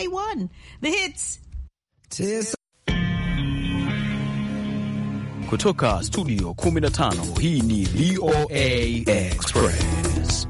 play one. The hits. Tis kutoka studio 15 hii ni VOA Express.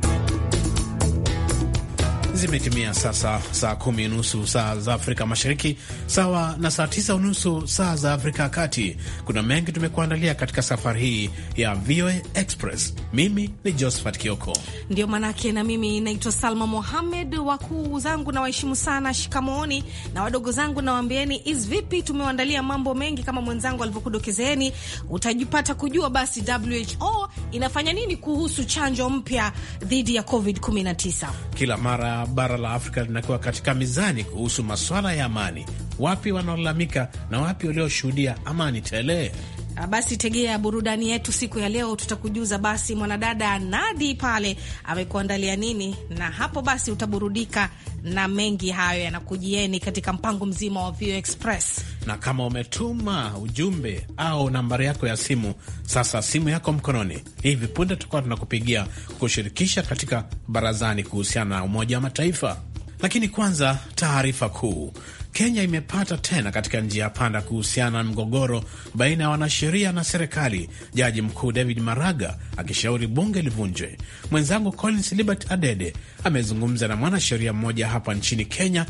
Zimetimia sasa saa kumi nusu saa za Afrika Mashariki, sawa na saa tisa unusu saa za Afrika ya Kati. Kuna mengi tumekuandalia katika safari hii ya VOA Express. Mimi ni Josephat Kioko, ndio manake, na mimi naitwa Salma Mohamed. Wakuu zangu nawaheshimu sana, shikamooni, na wadogo zangu nawaambieni is vipi. Tumewaandalia mambo mengi kama mwenzangu alivyokudokezeeni, utajipata kujua basi WHO inafanya nini kuhusu chanjo mpya dhidi ya COVID 19 kila mara bara la Afrika linakuwa katika mizani kuhusu maswala ya amani, wapi wanaolalamika na wapi walioshuhudia amani tele. Ah, basi tegea burudani yetu siku ya leo, tutakujuza basi mwanadada Nadi pale amekuandalia nini, na hapo basi utaburudika na mengi hayo yanakujieni katika mpango mzima wa Vio Express na kama umetuma ujumbe au nambari yako ya simu, sasa simu yako mkononi, hivi punde tutakuwa tunakupigia kushirikisha katika barazani kuhusiana na Umoja wa Mataifa. Lakini kwanza, taarifa kuu. Kenya imepata tena katika njia ya panda kuhusiana na mgogoro baina ya wanasheria na serikali, jaji mkuu David Maraga akishauri bunge livunjwe. Mwenzangu Collins Libert Adede amezungumza na mwanasheria mmoja hapa nchini Kenya,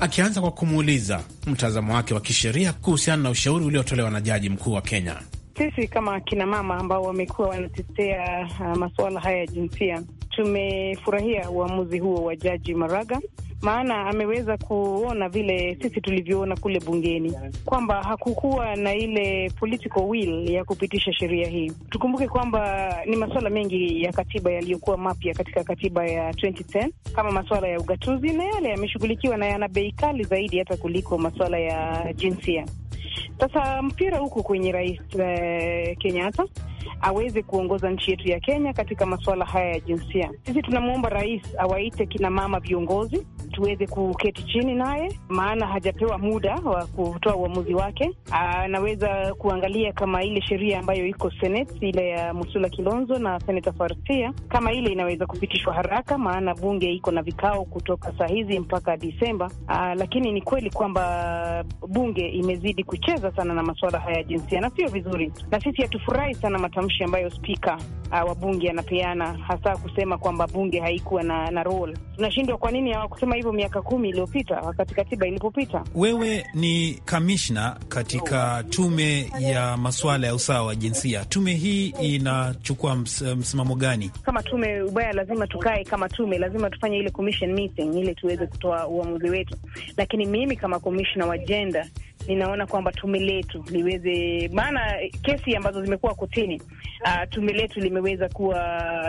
akianza kwa kumuuliza mtazamo wake wa kisheria kuhusiana na ushauri uliotolewa na jaji mkuu wa Kenya. Sisi kama akinamama ambao wamekuwa wanatetea uh, masuala haya ya jinsia tumefurahia uamuzi huo wa Jaji Maraga, maana ameweza kuona vile sisi tulivyoona kule bungeni kwamba hakukuwa na ile political will ya kupitisha sheria hii. Tukumbuke kwamba ni masuala mengi ya katiba yaliyokuwa mapya katika katiba ya 2010 kama masuala ya ugatuzi, na yale yameshughulikiwa na yana bei kali zaidi hata kuliko masuala ya jinsia. Sasa mpira huko kwenye Rais uh, Kenyatta aweze kuongoza nchi yetu ya Kenya katika masuala haya ya jinsia. Sisi tunamwomba rais awaite kina mama viongozi tuweze kuketi chini naye, maana hajapewa muda wa kutoa uamuzi wake. Anaweza kuangalia kama ile sheria ambayo iko Senate, ile ya Musula Kilonzo na seneta Farsia, kama ile inaweza kupitishwa haraka, maana bunge iko na vikao kutoka saa hizi mpaka Disemba. Ah, lakini ni kweli kwamba bunge imezidi kucheza sana na masuala haya ya jinsia, na sio vizuri, na sisi hatufurahi sana matamshi ambayo spika ah, wa bunge anapeana, hasa kusema kwamba bunge haikuwa na, na role. Tunashindwa kwa nini hawakusema hivyo miaka kumi iliyopita, wakati katiba ilipopita. Wewe ni kamishna katika tume ya masuala ya usawa wa jinsia. Tume hii inachukua ms, eh, msimamo gani? Kama tume ubaya, lazima tukae kama tume, lazima tufanye ile commission meeting ili tuweze kutoa uamuzi wetu, lakini mimi kama komishna wa jenda ninaona kwamba tume letu liweze, maana kesi ambazo zimekuwa kotini uh, tume letu limeweza kuwa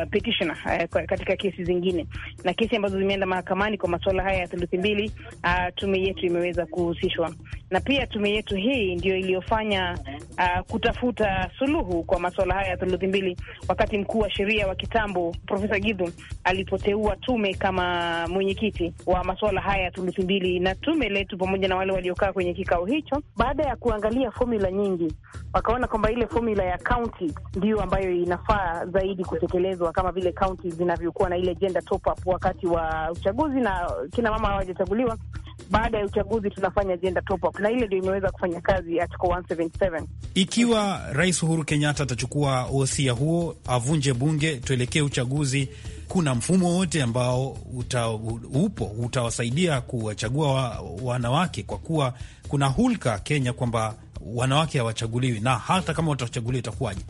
petitioner uh, katika kesi zingine na kesi ambazo zimeenda mahakamani kwa masuala haya ya theluthi mbili. Uh, tume yetu imeweza kuhusishwa na pia tume yetu hii ndio iliyofanya uh, kutafuta suluhu kwa masuala haya ya theluthi mbili, wakati mkuu wa sheria wa kitambo Profesa Gidhu alipoteua tume kama mwenyekiti wa masuala haya ya theluthi mbili, na tume letu pamoja na wale waliokaa kwenye kikao hicho, baada ya kuangalia fomula nyingi, wakaona kwamba ile fomula ya kaunti ndio ambayo inafaa zaidi kutekelezwa kama vile kaunti zinavyokuwa na ile gender top up wakati wa uchaguzi, na kina mama hawajachaguliwa. Baada ya uchaguzi tunafanya gender top up, na ile ndio imeweza kufanya kazi Article 177. Ikiwa Rais Uhuru Kenyatta atachukua wosia huo, avunje bunge, tuelekee uchaguzi, kuna mfumo wote ambao uta, upo utawasaidia kuwachagua wa, wanawake kwa kuwa kuna hulka Kenya kwamba wanawake hawachaguliwi, na hata kama watachaguliwa itakuwaje?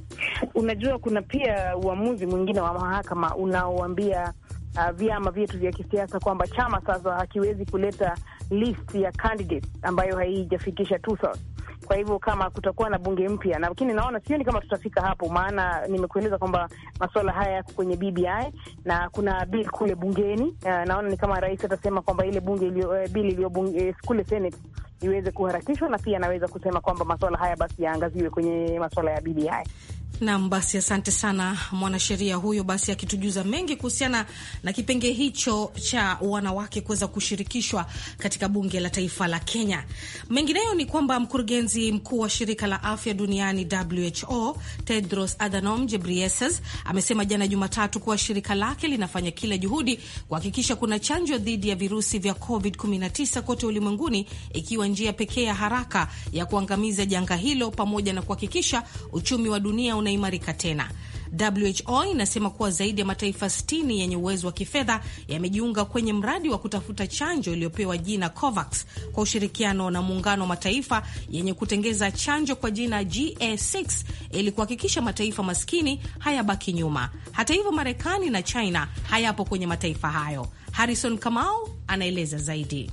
Unajua, kuna pia uamuzi mwingine wa mahakama unaoambia Uh, vyama vyetu vya kisiasa kwamba chama sasa hakiwezi kuleta list ya candidates ambayo haijafikisha two thirds. Kwa hivyo kama kutakuwa na bunge mpya, lakini naona sioni kama tutafika hapo, maana nimekueleza kwamba masuala haya yako kwenye BBI na kuna bill kule bungeni. Uh, naona ni kama rais atasema kwamba ile bunge ilio, eh, bill iliyo eh, kule Senate iweze kuharakishwa na pia anaweza kusema kwamba masuala haya basi yaangaziwe kwenye masuala ya BBI. Nam, basi asante sana mwanasheria huyo, basi akitujuza mengi kuhusiana na kipenge hicho cha wanawake kuweza kushirikishwa katika bunge la taifa la Kenya. Mengineyo ni kwamba mkurugenzi mkuu wa shirika la afya duniani WHO Tedros Adhanom Ghebreyesus amesema jana Jumatatu kuwa shirika lake linafanya kila juhudi kuhakikisha kuna chanjo dhidi ya virusi vya COVID-19 kote ulimwenguni, ikiwa njia pekee ya haraka ya kuangamiza janga hilo pamoja na kuhakikisha uchumi wa dunia unaimarika tena. WHO inasema kuwa zaidi ya mataifa 60 yenye uwezo wa kifedha yamejiunga kwenye mradi wa kutafuta chanjo iliyopewa jina COVAX kwa ushirikiano na muungano wa mataifa yenye kutengeza chanjo kwa jina GA6 ili kuhakikisha mataifa maskini hayabaki nyuma. Hata hivyo, Marekani na China hayapo kwenye mataifa hayo. Harrison Kamau anaeleza zaidi.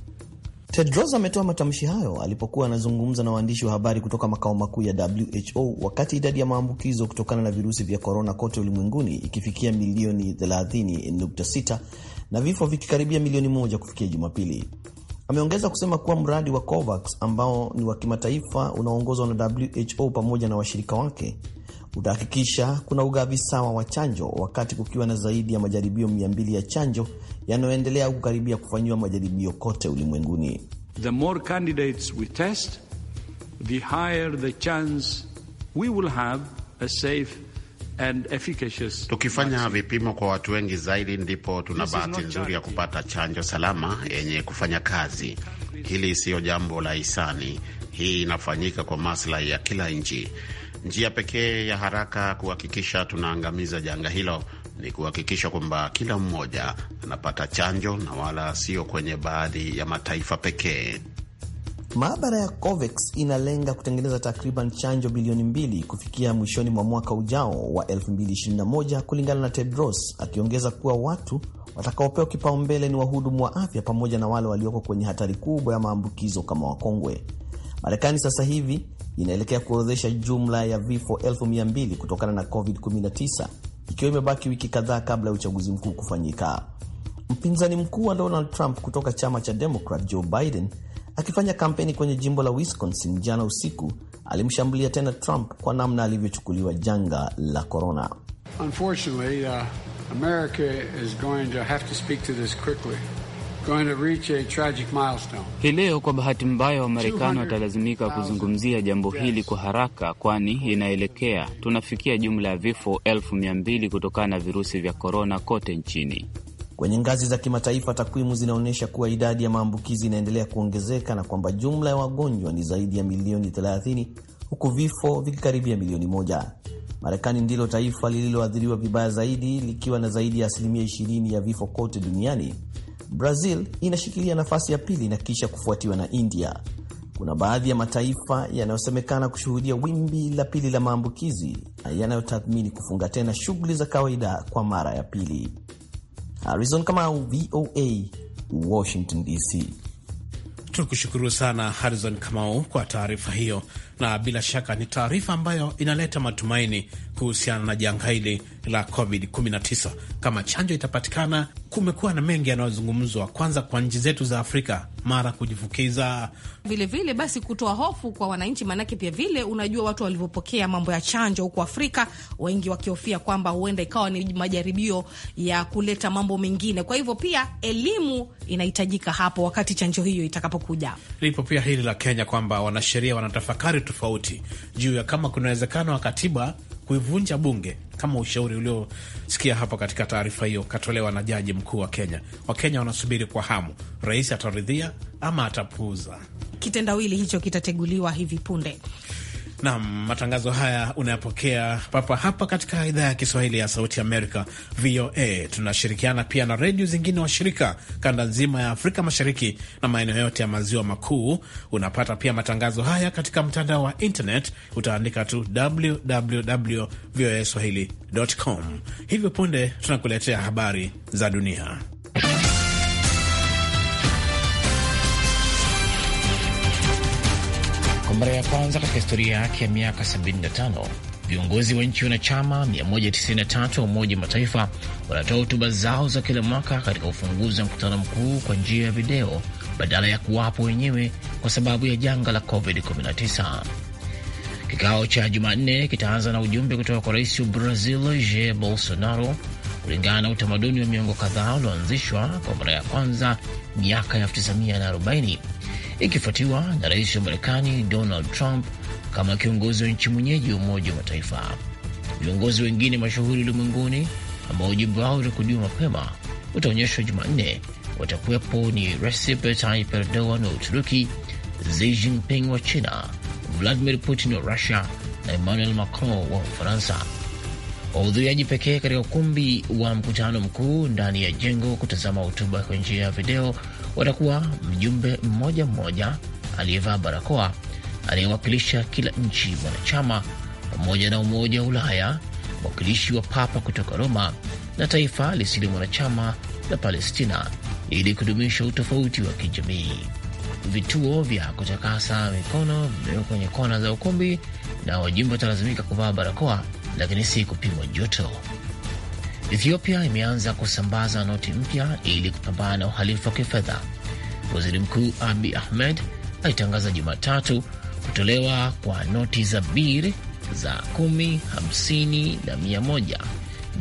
Tedros ametoa matamshi hayo alipokuwa anazungumza na waandishi wa habari kutoka makao makuu ya WHO wakati idadi ya maambukizo kutokana na virusi vya korona kote ulimwenguni ikifikia milioni 30.6 na vifo vikikaribia milioni moja kufikia Jumapili. Ameongeza kusema kuwa mradi wa COVAX ambao ni wa kimataifa unaoongozwa na WHO pamoja na washirika wake utahakikisha kuna ugavi sawa wa chanjo, wakati kukiwa na zaidi ya majaribio 200 ya chanjo yanayoendelea kukaribia kufanyiwa majaribio kote ulimwenguni. The more candidates we test, the higher the chance we will have a safe and Tukifanya vipimo kwa watu wengi zaidi, ndipo tuna bahati nzuri ya kupata chanjo salama yenye kufanya kazi. Hili siyo jambo la hisani, hii inafanyika kwa maslahi ya kila nchi. Njia pekee ya haraka kuhakikisha tunaangamiza janga hilo ni kuhakikisha kwamba kila mmoja anapata chanjo na wala sio kwenye baadhi ya mataifa pekee. Maabara ya COVAX inalenga kutengeneza takriban chanjo bilioni mbili kufikia mwishoni mwa mwaka ujao wa 2021 kulingana na Tedros, akiongeza kuwa watu watakaopewa kipaumbele ni wahudumu wa afya pamoja na wale walioko kwenye hatari kubwa ya maambukizo kama wakongwe. Marekani sasa hivi inaelekea kuorodhesha jumla ya vifo elfu mia mbili kutokana na COVID-19 ikiwa imebaki wiki kadhaa kabla ya uchaguzi mkuu kufanyika. Mpinzani mkuu wa Donald Trump kutoka chama cha Democrat Joe Biden akifanya kampeni kwenye jimbo la Wisconsin jana usiku alimshambulia tena Trump kwa namna alivyochukuliwa janga la korona. Unfortunately, uh, America is going to have to speak to this quickly. Hii leo kwa bahati mbaya, Wamarekani watalazimika kuzungumzia jambo hili kwa haraka, kwani inaelekea tunafikia jumla ya vifo elfu mia mbili kutokana na virusi vya korona kote nchini. Kwenye ngazi za kimataifa, takwimu zinaonyesha kuwa idadi ya maambukizi inaendelea kuongezeka na kwamba jumla ya wagonjwa ni zaidi ya milioni 30 huku vifo vikikaribia milioni moja. Marekani ndilo taifa lililoathiriwa vibaya zaidi likiwa na zaidi ya asilimia 20 ya vifo kote duniani Brazil inashikilia nafasi ya pili na kisha kufuatiwa na India. Kuna baadhi ya mataifa yanayosemekana kushuhudia wimbi la pili la maambukizi na yanayotathmini kufunga tena shughuli za kawaida kwa mara ya pili. Harrison Kamau, VOA, Washington DC. Tukushukuru sana Harrison Kamau kwa taarifa hiyo na bila shaka ni taarifa ambayo inaleta matumaini kuhusiana na janga hili la COVID-19. Kama chanjo itapatikana, kumekuwa na mengi yanayozungumzwa, kwanza kwa nchi zetu za Afrika, mara kujifukiza vilevile vile, basi kutoa hofu kwa wananchi, maanake pia vile unajua watu walivyopokea mambo ya chanjo huko Afrika, wengi wakihofia kwamba huenda ikawa ni majaribio ya kuleta mambo mengine. Kwa hivyo pia elimu inahitajika hapo wakati chanjo hiyo itakapokuja. Lipo pia hili la Kenya kwamba wanasheria wanatafakari tofauti juu ya kama kuna uwezekano wa katiba kuivunja bunge kama ushauri uliosikia hapa katika taarifa hiyo katolewa na jaji mkuu wa Kenya. Wakenya wanasubiri kwa hamu, rais ataridhia ama atapuuza. Kitendawili hicho kitateguliwa hivi punde. Nam, matangazo haya unayapokea papa hapa katika idhaa ya Kiswahili ya Sauti Amerika, VOA. Tunashirikiana pia na redio zingine washirika kanda nzima ya Afrika Mashariki na maeneo yote ya maziwa makuu. Unapata pia matangazo haya katika mtandao wa internet, utaandika tu www voa swahili com. Hivyo punde tunakuletea habari za dunia. Kwa mara ya kwanza katika historia yake ya miaka 75 viongozi wa nchi wanachama 193 wa Umoja wa Mataifa wanatoa hotuba zao za kila mwaka katika ufunguzi wa mkutano mkuu kwa njia ya video badala ya kuwapo wenyewe kwa sababu ya janga la COVID-19. Kikao cha Jumanne kitaanza na ujumbe kutoka kwa rais wa Brazil Jair Bolsonaro, kulingana na utamaduni wa miongo kadhaa ulioanzishwa kwa mara ya kwanza miaka ya 1940 ikifuatiwa na rais wa Marekani Donald Trump kama kiongozi wa nchi mwenyeji wa Umoja wa Mataifa. Viongozi wengine mashuhuri ulimwenguni ambao ujumbe wao utakudiwa mapema utaonyeshwa Jumanne watakuwepo ni Recep Tayyip Erdogan wa Uturuki, Xi Jinping wa China, Vladimir Putin wa Russia na Emmanuel Macron wa Ufaransa. Wahudhuriaji pekee katika ukumbi wa mkutano mkuu ndani ya jengo kutazama hotuba kwa njia ya video watakuwa mjumbe mmoja mmoja aliyevaa barakoa anayewakilisha kila nchi mwanachama pamoja na Umoja wa Ulaya, mwakilishi wa Papa kutoka Roma na taifa lisilo mwanachama la Palestina, ili kudumisha utofauti wa kijamii. Vituo vya kutakasa mikono vimewekwa kwenye kona za ukumbi na wajumbe watalazimika kuvaa barakoa, lakini si kupimwa joto. Ethiopia imeanza kusambaza noti mpya ili kupambana na uhalifu wa kifedha. Waziri Mkuu Abi Ahmed alitangaza Jumatatu kutolewa kwa noti za bir za kumi, hamsini na mia moja.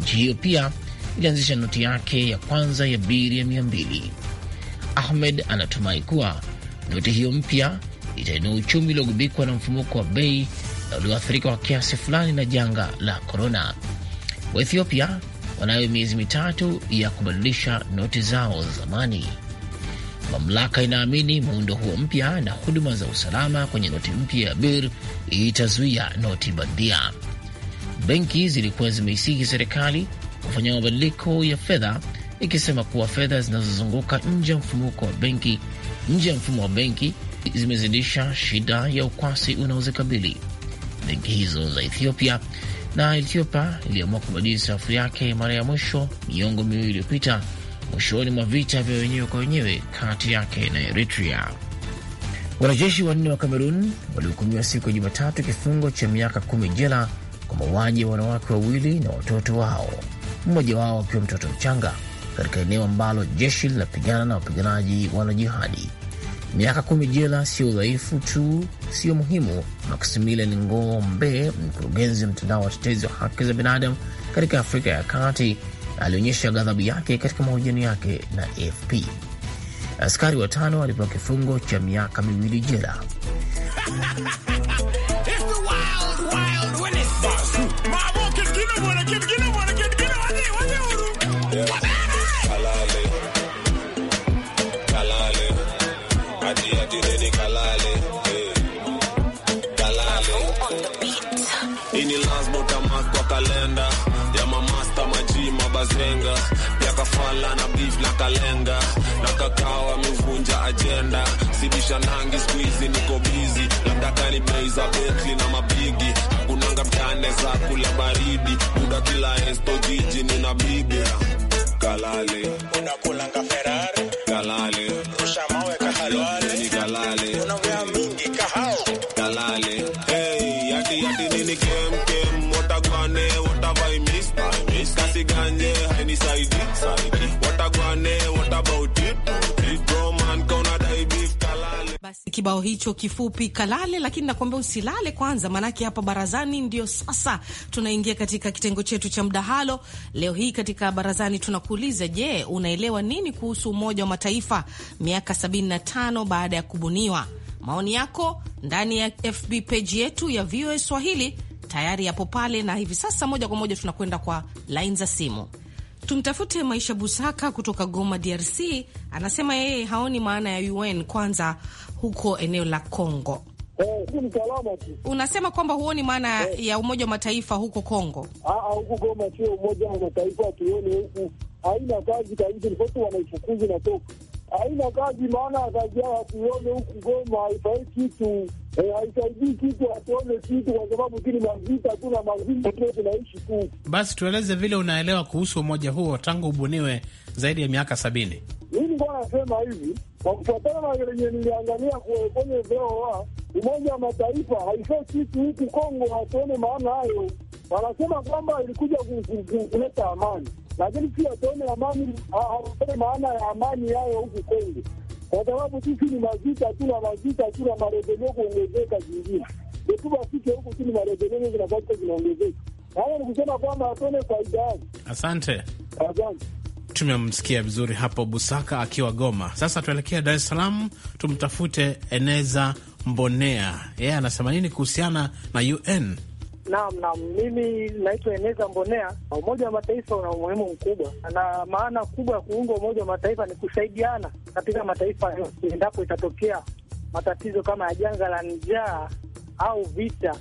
Nchi hiyo pia ilianzisha noti yake ya kwanza ya bir ya mia mbili. Ahmed anatumai kuwa noti hiyo mpya itainua uchumi uliogubikwa na mfumuko wa bei na ulioathirika kwa kiasi fulani na janga la korona. Waethiopia wanayo miezi mitatu ya kubadilisha noti zao za zamani. Mamlaka inaamini muundo huo mpya na huduma za usalama kwenye noti mpya ya BIR itazuia noti bandia. Benki zilikuwa zimeisihi serikali kufanya mabadiliko ya fedha, ikisema kuwa fedha zinazozunguka nje ya mfumuko wa benki nje ya mfumo wa benki zimezidisha shida ya ukwasi unaozikabili benki hizo za Ethiopia na Ethiopia iliamua kubadili safu yake mara ya mwisho miongo miwili iliyopita, mwishoni mwa vita vya wenyewe kwa wenyewe kati yake na Eritrea. Wanajeshi wanne wa Kamerun walihukumiwa siku ya Jumatatu kifungo cha miaka kumi jela kwa mauaji ya wanawake wawili na watoto wao, mmoja wao akiwa mtoto mchanga, katika eneo ambalo jeshi linapigana na wapiganaji wanajihadi Miaka kumi jela sio udhaifu tu, sio muhimu. Maximilian Ngombe, mkurugenzi wa mtandao wa tetezi wa haki za binadamu katika Afrika ya Kati, alionyesha ghadhabu yake katika mahojiano yake na AFP. Askari watano walipewa kifungo cha miaka miwili jela. kalenda na kakao amevunja ajenda, sibisha nangi squeeze, niko bizi labda kalimeiza betli na mabigi kunanga mtane za kula baridi muda kila esto jiji ni na bibi kalale unakulanga Ferrari kalale ushamawe mawe kahalwale ni kalale unaongea mingi kahao kalale hey yati yati nini kem kem wotagwane vai miss miss kasiganje hainisaidi kibao hicho kifupi kalale, lakini nakuambia usilale kwanza, maanake hapa barazani ndio sasa tunaingia katika kitengo chetu cha mdahalo leo hii. Katika barazani tunakuuliza, je, unaelewa nini kuhusu Umoja wa Mataifa miaka 75 baada ya kubuniwa? Maoni yako ndani ya FB page yetu ya VOA Swahili tayari yapo pale, na hivi sasa moja kwa moja tunakwenda kwa laini za simu. Tumtafute Maisha Busaka kutoka Goma, DRC. Anasema yeye haoni maana ya UN kwanza huko eneo la Kongo. Eh, unasema kwamba huoni maana eh, ya Umoja wa Mataifa huko Kongo? ah, ah huko Goma sio Umoja wa Mataifa, tuone huku haina kazi kabisa, lipotu wanaifukuzi na toka haina kazi, maana kazi yao hatuone huku Goma haifai kitu, eh, haisaidii kitu, hatuone kitu kwa sababu kini mazita tu na mavita tu tunaishi tu. Basi tueleze vile unaelewa kuhusu umoja huo tangu ubuniwe zaidi ya miaka sabini. Mungu anasema hivi, kwa kufuatana na yenye niliangalia kwenye VOA, Umoja wa Mataifa haifai sisi huku Kongo hatuone maana hayo. Wanasema kwamba ilikuja kuleta amani, lakini si hatuone amani, hatuone maana ya amani yayo huku Kongo, kwa sababu sisi ni mazita tu na mazita tu na marejeleo kuongezeka zingine etu huku tu ni marejeleo zinakuwa zinaongezeka. Hayo ni kusema kwamba hatuone faida yake. Asante, asante. Tumemsikia vizuri hapo Busaka akiwa Goma. Sasa tuelekea Dar es Salaam, tumtafute Eneza Mbonea. Yeye yeah, anasema nini kuhusiana na UN? Naam, naam, mimi naitwa Eneza Mbonea. Umoja wa Mataifa una umuhimu mkubwa, na maana kubwa ya kuunga Umoja wa Mataifa ni kusaidiana katika mataifa yote, endapo itatokea matatizo kama ya janga la njaa au vita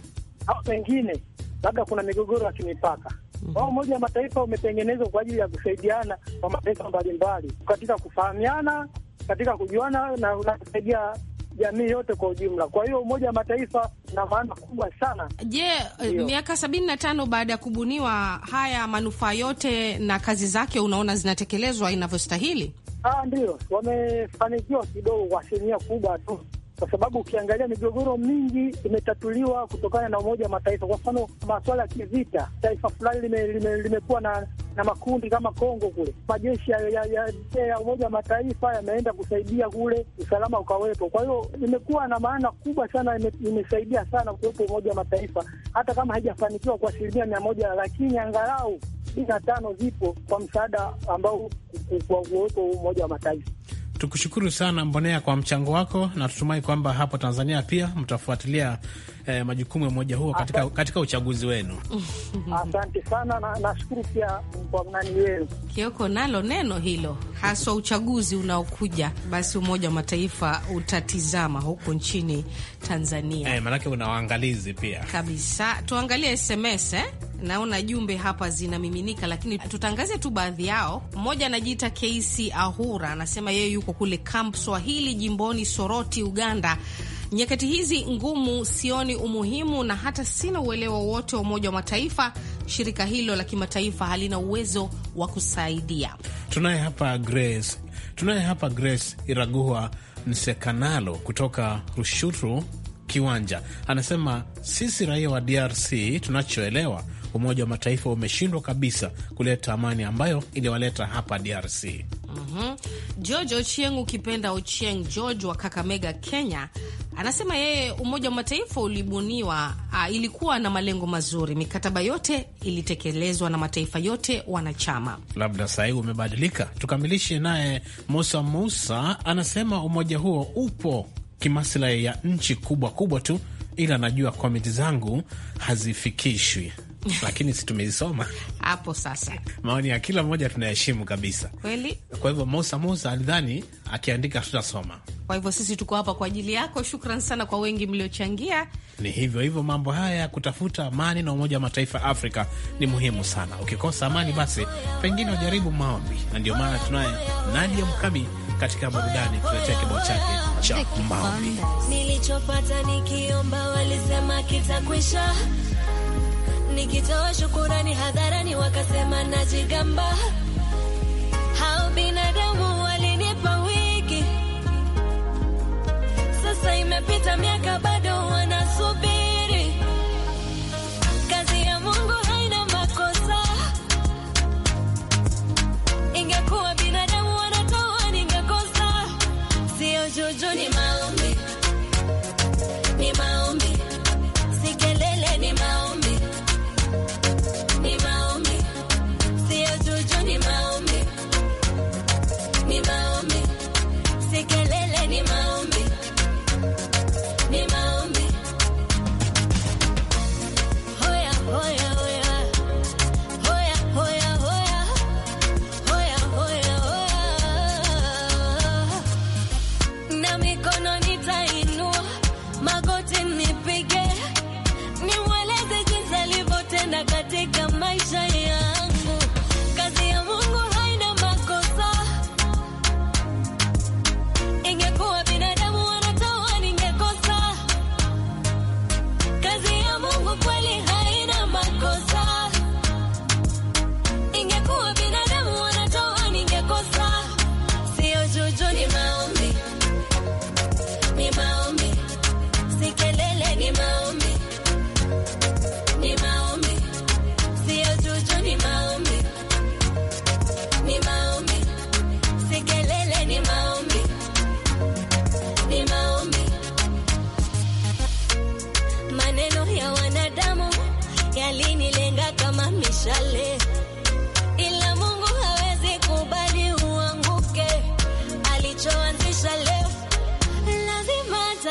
au pengine labda kuna migogoro ya kimipaka Mhm. Kwa Umoja wa Mataifa umetengenezwa kwa ajili ya kusaidiana kwa mataifa mbalimbali katika kufahamiana, katika kujuana na unasaidia jamii yote kwa ujumla. Kwa hiyo Umoja wa Mataifa una maana kubwa sana. Je, miaka sabini na tano baada ya kubuniwa, haya manufaa yote na kazi zake unaona zinatekelezwa inavyostahili? Ah, ndio wamefanikiwa kidogo kwa asilimia kubwa tu kwa sababu ukiangalia migogoro mingi imetatuliwa kutokana na Umoja wa Mataifa. Kwa mfano maswala ya kivita, taifa fulani lime, lime, limekuwa na na makundi kama Kongo kule, majeshi ya, ya, ya, ya Umoja wa Mataifa yameenda kusaidia kule, usalama ukawepo. Kwa hiyo imekuwa na maana kubwa sana, imesaidia sana kuwepo Umoja wa Mataifa, hata kama haijafanikiwa kwa asilimia mia moja, lakini angalau sitini na tano zipo kwa msaada ambao kwa Umoja wa Mataifa. Tukushukuru sana Mbonea kwa mchango wako, na tutumai kwamba hapo Tanzania pia mtafuatilia eh, majukumu ya umoja huo katika, katika uchaguzi wenu. Asante sana na nashukuru pia kwa mnani wenu. Kioko, nalo neno hilo haswa uchaguzi unaokuja, basi Umoja wa Mataifa utatizama huko nchini Tanzania eh, maanake una waangalizi pia kabisa. Tuangalie SMS eh? naona jumbe hapa zinamiminika, lakini tutangazie tu baadhi yao. Mmoja anajiita Keisi Ahura, anasema yeye yuko kule Camp Swahili jimboni Soroti, Uganda. Nyakati hizi ngumu, sioni umuhimu na hata sina uelewa wote wa Umoja wa Mataifa. Shirika hilo la kimataifa halina uwezo wa kusaidia. Tunaye hapa Grace, tunaye hapa Grace Iraguha nsekanalo kutoka Rushuru Kiwanja, anasema sisi raia wa DRC tunachoelewa Umoja wa Mataifa umeshindwa kabisa kuleta amani ambayo iliwaleta hapa DRC. mm -hmm. George Ochieng ukipenda Ochieng George wa Kakamega, Kenya, anasema yeye Umoja wa Mataifa ulibuniwa a, ilikuwa na malengo mazuri, mikataba yote ilitekelezwa na mataifa yote wanachama, labda sahii umebadilika. Tukamilishe naye Musa Musa anasema umoja huo upo kimaslahi ya nchi kubwa kubwa tu, ila anajua komiti zangu hazifikishwi lakini si tumeisoma hapo sasa. Maoni ya kila mmoja tunaheshimu kabisa, kweli. Kwa hivyo Musa Musa alidhani akiandika tutasoma. Kwa hivyo sisi tuko hapa kwa ajili yako. Shukran sana kwa wengi mliochangia. Ni hivyo hivyo, mambo haya ya kutafuta amani na Umoja wa Mataifa Afrika ni muhimu sana. Ukikosa amani, basi pengine ujaribu maombi, na ndio maana tunaye Nadia Mkami katika burudani kuletea kibao chake cha maombi. Nilichopata nikiomba walisema kitakwisha nikitoa shukurani hadharani wakasema najigamba. Hao binadamu walinipa wiki, sasa imepita miaka bado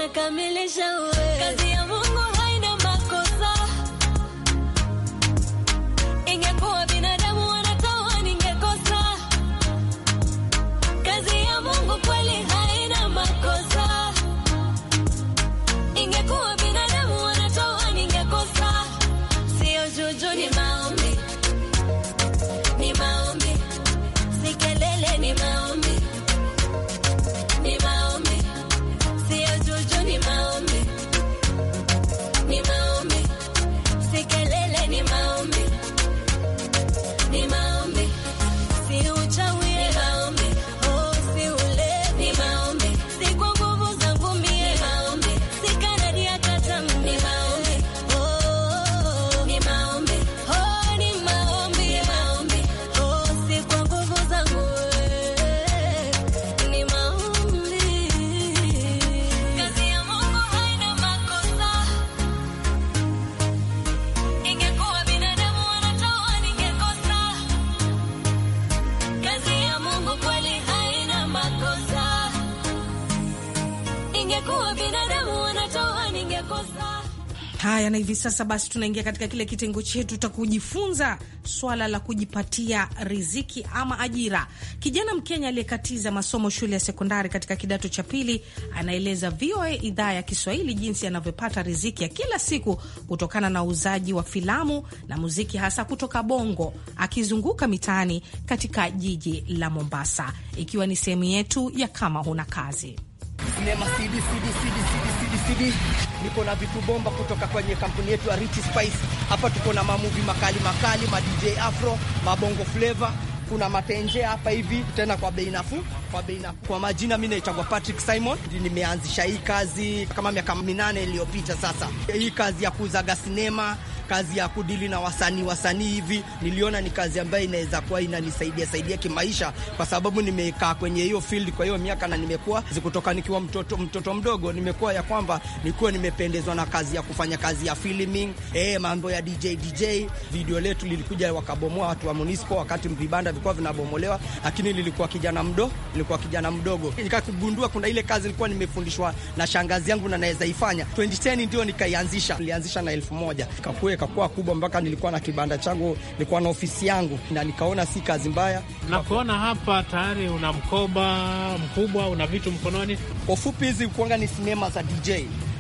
unakamilisha wewe hivi sasa basi tunaingia katika kile kitengo chetu cha kujifunza swala la kujipatia riziki ama ajira. Kijana Mkenya aliyekatiza masomo shule ya sekondari katika kidato cha pili anaeleza VOA idhaa ya Kiswahili jinsi anavyopata riziki ya kila siku kutokana na uuzaji wa filamu na muziki hasa kutoka Bongo, akizunguka mitaani katika jiji la Mombasa, ikiwa ni sehemu yetu ya kama huna kazi sinema CD, CD, CD, CD, CD, CD. Niko na vitu bomba kutoka kwenye kampuni yetu ya Rich Spice. Hapa tuko na mamuvi makali makali, ma DJ Afro, mabongo flavor, kuna matenje hapa hivi, tena kwa bei nafuu. Kwa bei nafuu. Kwa majina, mi naitwa Patrick Simon, nimeanzisha hii kazi kama miaka minane iliyopita sasa, hii kazi ya kuuzaga sinema kazi ya kudili na wasanii wasanii hivi, niliona ni kazi ambayo inaweza kuwa inanisaidia saidia kimaisha, kwa sababu nimekaa kwenye hiyo field kwa hiyo miaka, na nimekuwa zikutoka nikiwa mtoto mtoto mdogo, nimekuwa ya kwamba nilikuwa nimependezwa na kazi ya kufanya kazi ya filming, eh, mambo ya DJ DJ. Video letu lilikuja wakabomoa watu wa Munisco, wakati vibanda vilikuwa vinabomolewa, lakini lilikuwa kijana mdo, nilikuwa kijana mdogo, nikagundua kuna ile kazi nilikuwa nimefundishwa na shangazi yangu na naweza ifanya. 2010 ndio nikaianzisha, nilianzisha na elfu moja ikakuwa ikakuwa kubwa mpaka nilikuwa na kibanda changu, nilikuwa na ofisi yangu, na nikaona si kazi mbaya. Na kuona hapa tayari una mkoba mkubwa, una vitu mkononi. Kwa ufupi, hizi kuanga ni sinema za DJ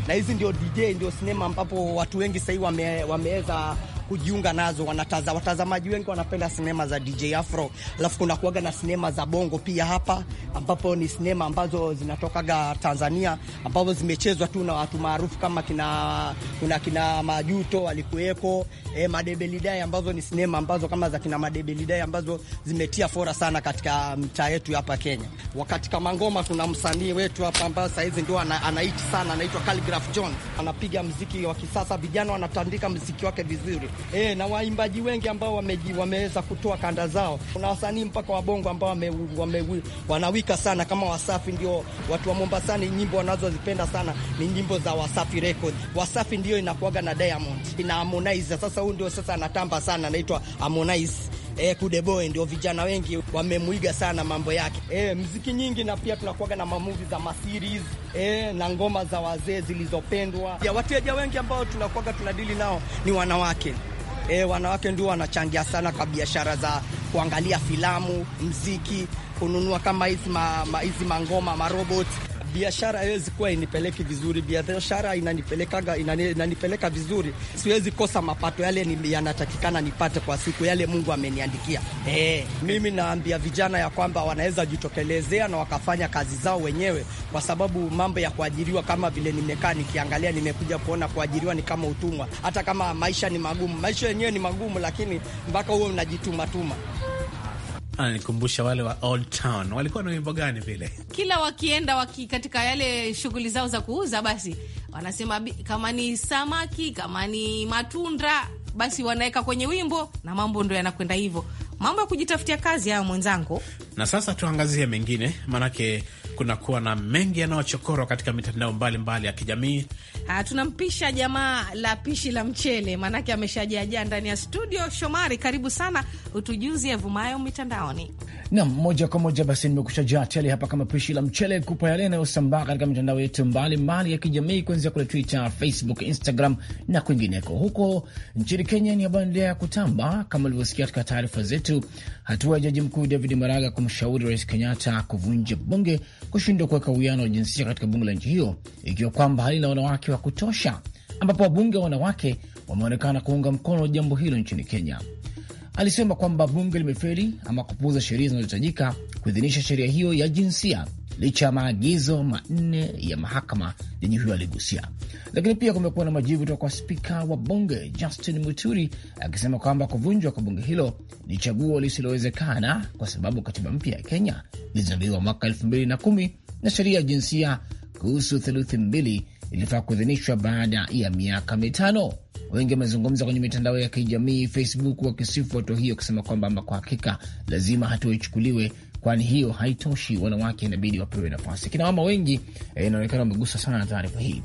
na hizi ndio DJ ndio sinema ambapo watu wengi sahii wame, wameweza kujiunga nazo. Wanataza, watazamaji wengi wanapenda sinema za DJ Afro, alafu kuna kuaga na sinema za bongo pia hapa, ambapo ni sinema ambazo zinatokaga Tanzania, ambazo zimechezwa tu na watu maarufu kama kina kuna kina Majuto walikuweko, e, eh, Madebelidai, ambazo ni sinema ambazo kama za kina Madebelidai ambazo zimetia fora sana katika mtaa yetu hapa Kenya. Wakati kama ngoma, kuna msanii wetu hapa ambaye sasa hizi ndio anaiti sana, anaitwa Calligraph Jones, anapiga mziki wa kisasa, vijana wanatandika mziki wake vizuri e, na waimbaji wengi ambao wameji, wameweza kutoa kanda zao. Kuna wasanii mpaka wabongo ambao wame, wame, wanawika sana kama Wasafi. Ndio watu wa ni nyimbo wanazozipenda sana ni nyimbo za Wasafi Records. Wasafi ndio inakuaga na Diamond na Harmonize. Sasa huyu ndio sasa anatamba sana, anaitwa Harmonize. Eh, kude boy ndio vijana wengi wamemwiga sana mambo yake eh, mziki nyingi, na pia tunakuaga na mamuvi za maseries eh, na ngoma za wazee zilizopendwa. Wateja wengi ambao tunakuaga tunadili nao ni wanawake eh, wanawake ndio wanachangia sana kwa biashara za kuangalia filamu, mziki, kununua kama hizi ma, ma, mangoma maroboti biashara haiwezi kuwa inipeleki vizuri. Biashara inanipelekaga inanipeleka vizuri, siwezi kosa mapato yale yanatakikana nipate kwa siku, yale Mungu ameniandikia. Eh, mimi naambia vijana ya kwamba wanaweza jitokelezea na wakafanya kazi zao wenyewe, kwa sababu mambo ya kuajiriwa, kama vile nimekaa nikiangalia, nimekuja kuona kuajiriwa ni kama utumwa. Hata kama maisha ni magumu, maisha yenyewe ni magumu, lakini mpaka huo unajitumatuma ananikumbusha ah, wale wa Old Town walikuwa na wimbo gani vile, kila wakienda waki katika yale shughuli zao za kuuza, basi wanasema kama ni samaki, kama ni matunda, basi wanaweka kwenye wimbo na mambo ndo yanakwenda hivyo mambo ya kujitafutia kazi hayo mwenzangu. Na sasa tuangazie mengine, maanake kunakuwa na mengi yanayochokorwa katika mitandao mbalimbali ya kijamii. Tunampisha jamaa la pishi la mchele, maanake ameshajiajaa ndani ya studio. Shomari, karibu sana, utujuzi yavumayo mitandaoni. Nam, moja kwa moja basi, nimekusha jaa tele hapa kama pishi la mchele, kupa yale yanayosambaa katika mitandao yetu mbalimbali ya kijamii, kuanzia kule Twitter, Facebook, Instagram na kwingineko. Huko nchini Kenya ni habari endelea ya kutamba kama ulivyosikia katika taarifa zetu tatu, hatua ya jaji mkuu David Maraga kumshauri rais Kenyatta kuvunja bunge kushindwa kuweka uwiano wa jinsia katika bunge la nchi hiyo, ikiwa kwamba halina wanawake wa kutosha, ambapo wabunge wa wanawake wameonekana kuunga mkono jambo hilo nchini Kenya alisema kwamba bunge limefeli ama kupuuza sheria zinazohitajika kuidhinisha sheria hiyo ya jinsia licha ya maagizo manne ya mahakama yenye huyo aligusia. Lakini pia kumekuwa na majibu kutoka kwa spika wa bunge Justin Muturi akisema kwamba kuvunjwa kwa bunge hilo ni chaguo lisilowezekana kwa sababu katiba mpya ya Kenya ilizinduliwa mwaka elfu mbili na kumi na sheria ya jinsia kuhusu theluthi mbili ilifaa kuidhinishwa baada ya miaka mitano. Wengi wamezungumza kwenye mitandao ya kijamii Facebook wakisifu hatua hiyo, kusema kwamba ama kwa hakika lazima hatua ichukuliwe, kwani hiyo haitoshi, wanawake inabidi wapewe nafasi. kinawama wengi eh, inaonekana eh, sana na taarifa hii.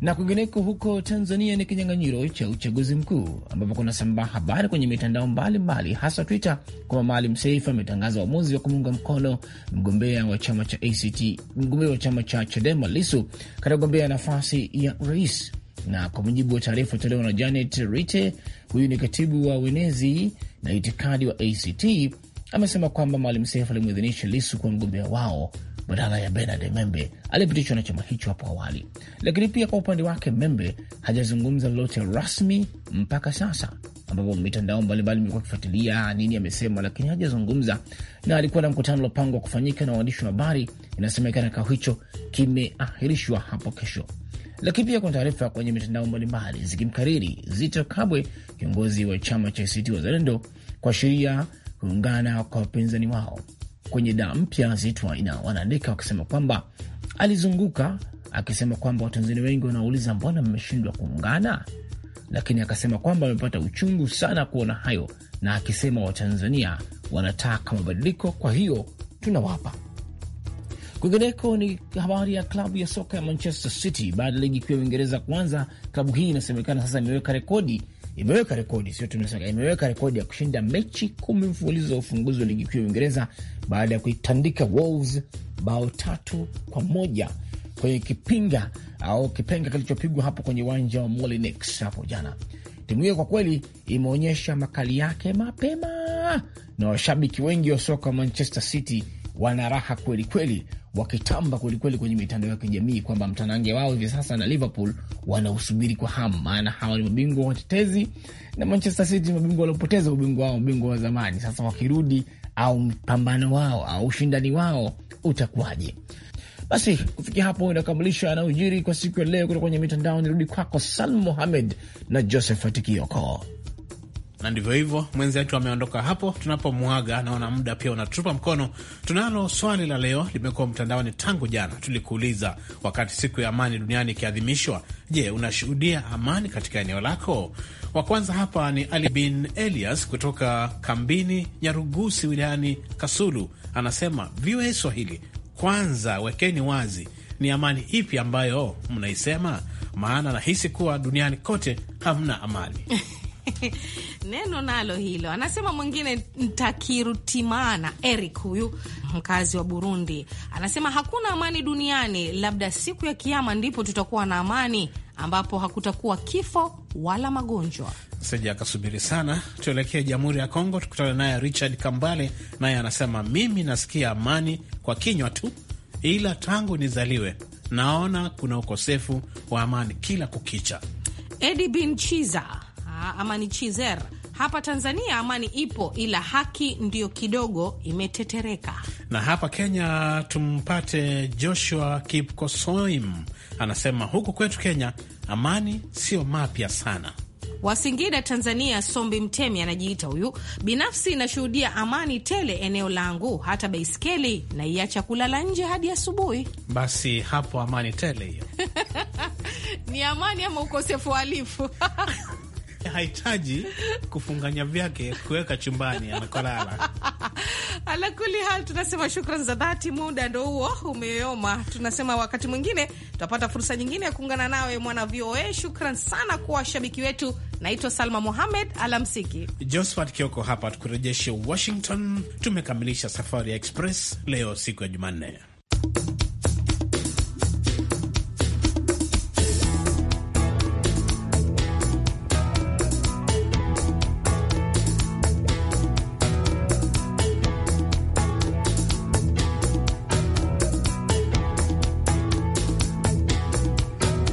Na kwingineko huko Tanzania ni kinyang'anyiro cha uchaguzi mkuu ambapo sambaa habari kwenye mitandao mbalimbali, hasa Twitter, kwamba Maalim Seif ametangaza uamuzi wa kumuunga mkono mgombea wa chama cha ACT, mgombea wa chama cha Chadema Lisu katika kugombea nafasi ya urais. Na kwa mujibu wa taarifa tolewa na Janet Rite, huyu ni katibu wa wenezi na itikadi wa ACT, amesema kwamba Maalim Seif alimwidhinisha Lisu kuwa mgombea wao badala ya Benard Membe aliyepitishwa na chama hicho hapo awali. Lakini pia kwa upande wake, Membe hajazungumza lolote rasmi mpaka sasa, ambapo mitandao mbalimbali imekuwa akifuatilia nini amesema, lakini hajazungumza. Na alikuwa na mkutano uliopangwa kufanyika na waandishi wa habari, inasemekana kikao hicho kimeahirishwa hapo kesho lakini pia kuna taarifa kwenye mitandao mbalimbali zikimkariri Zito Kabwe, kiongozi wa chama cha ACT Wazalendo, kuashiria kuungana kwa wapinzani wao kwenye dawa mpya zitwaina. Wanaandika wakisema kwamba alizunguka akisema kwamba Watanzania wengi wanauliza mbona mmeshindwa kuungana, lakini akasema kwamba amepata uchungu sana kuona hayo, na akisema Watanzania wanataka mabadiliko, kwa hiyo tunawapa. Kwingineko ni habari ya klabu ya soka ya Manchester City baada ya ligi kuu ya Uingereza kuanza. Klabu hii inasemekana sasa imeweka rekodi imeweka rekodi sio tunasema, imeweka rekodi ya kushinda mechi kumi mfululizo za ufunguzi wa ligi kuu ya Uingereza baada ya kuitandika Wolves bao tatu kwa moja kwenye kipinga au kipenga kilichopigwa hapo kwenye uwanja wa Molinex hapo jana. Timu hiyo kwa kweli imeonyesha makali yake mapema, na washabiki wengi wa soka wa Manchester City wana raha kweli kweli wakitamba kwelikweli kwenye mitandao ya kijamii kwamba mtanange wao hivi sasa na Liverpool wanausubiri kwa hamu, maana hawa ni mabingwa watetezi na Manchester City mabingwa waliopoteza ubingwa wao, mabingwa wa zamani. Sasa wakirudi, au mpambano wao au ushindani wao utakuwaje? Basi kufikia hapo inakamilisha yanayojiri kwa siku ya leo kutoka kwenye mitandao. Nirudi kwako Salm Mohamed na joseph atikioko na ndivyo hivyo, mwenzetu ameondoka hapo. Tunapomwaga naona muda pia unatupa mkono. Tunalo swali la leo, limekuwa mtandaoni tangu jana. Tulikuuliza wakati siku ya amani duniani ikiadhimishwa, je, unashuhudia amani katika eneo lako? Wa kwanza hapa ni Ali bin Elias kutoka kambini Nyarugusi wilayani Kasulu, anasema VOA Swahili, kwanza wekeni wazi ni amani ipi ambayo mnaisema, maana nahisi kuwa duniani kote hamna amani. neno nalo hilo. Anasema mwingine Ntakirutimana Eric, huyu mkazi wa Burundi, anasema hakuna amani duniani, labda siku ya Kiama ndipo tutakuwa na amani ambapo hakutakuwa kifo wala magonjwa. seja akasubiri sana. Tuelekee Jamhuri ya Kongo, tukutane naye Richard Kambale, naye anasema mimi nasikia amani kwa kinywa tu, ila tangu nizaliwe naona kuna ukosefu wa amani kila kukicha. Edi Binchiza amani chizer hapa Tanzania amani ipo, ila haki ndiyo kidogo imetetereka. Na hapa Kenya tumpate Joshua Kipkosoim, anasema huku kwetu Kenya amani sio mapya sana wasingida Tanzania. Sombi Mtemi anajiita huyu, binafsi nashuhudia amani tele eneo langu, hata baiskeli naiacha kulala nje hadi asubuhi. Basi hapo amani tele hiyo ni amani ama ukosefu wa alifu hahitaji kufunganya vyake kuweka chumbani anakolala. Alakuli hal, tunasema shukran za dhati. Muda ndo huo umeoma, tunasema wakati mwingine tutapata fursa nyingine ya kuungana nawe mwana VOA. Shukran sana kwa washabiki wetu. Naitwa Salma Mohamed, alamsiki. Josephat Kioko hapa tukurejeshe Washington. Tumekamilisha safari ya Express leo siku ya Jumanne.